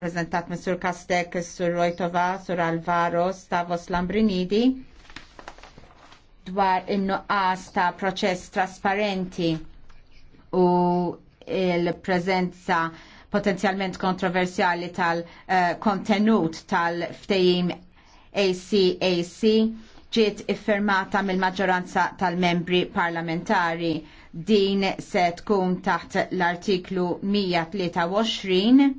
prezentat Sur Kastek, Sur Rojtova, Sur Alvaro, Stavos Lambrinidi dwar in-nuqqas ta' proċess trasparenti u il-prezenza potenzjalment kontroversjali tal-kontenut tal-ftejim ACAC ġiet iffermata mill-maġġoranza tal-membri parlamentari. Din se tkun taħt l-artiklu 123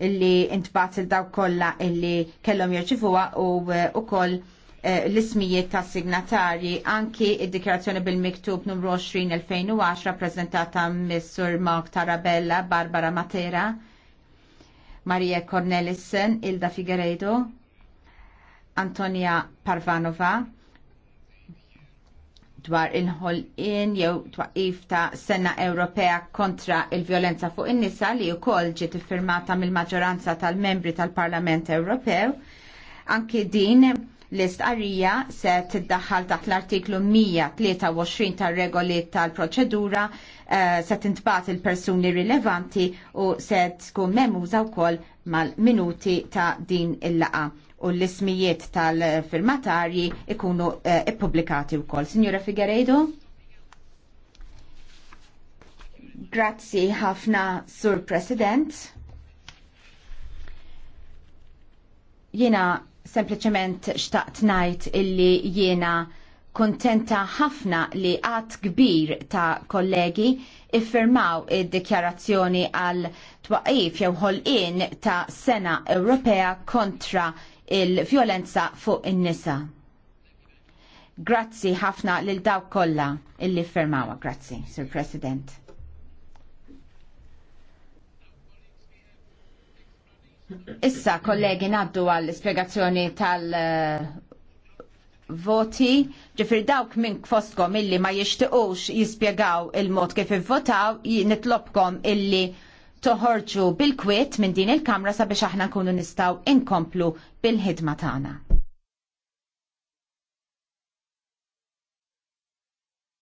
illi intbat il-daw kolla illi kellhom jirċivuha u eh, ukoll eh, l-ismijiet ta' signatari anki id-dikjarazzjoni bil-miktub numru 20-2010 prezentata Missur Mark Tarabella, Barbara Matera, Maria Cornelissen, Ilda Figueredo, Antonia Parvanova, dwar il-ħolqien jew twaqif ta' Sena Ewropea kontra il violenza fuq in-nisa li wkoll ġiet iffirmata mill-maġġoranza tal-membri tal-Parlament Ewropew. Anki din l-istqarrija se tiddaħħal taħt l-artiklu 123 tar-regoli tal-proċedura eh, se tintbat il-persuni rilevanti u se tkun memuża wkoll mal-minuti ta' din il laqgħa u l-ismijiet tal-firmatarji ikunu eh, ippubblikati wkoll. Signora Figueredo? Grazzi ħafna, Sur President. Jiena sempliciment xtaqt ngħid illi jiena kontenta ħafna li għat kbir ta' kollegi iffirmaw id-dikjarazzjoni għal twaqif jew ħolqien ta' sena Ewropea kontra il-vjolenza fuq in-nisa. Grazzi ħafna lil dawk kollha illi firmawa. Grazzi, Sir President. Issa, kollegi, naddu għall-spiegazzjoni tal- voti, ġifir dawk minn kfostkom illi ma jishtiqux jispiegaw il-mod kif votaw, nitlobkom illi toħorġu bil-kwiet minn din il-kamra sabiex aħna nkunu nistaw inkomplu bil-ħidma tagħna.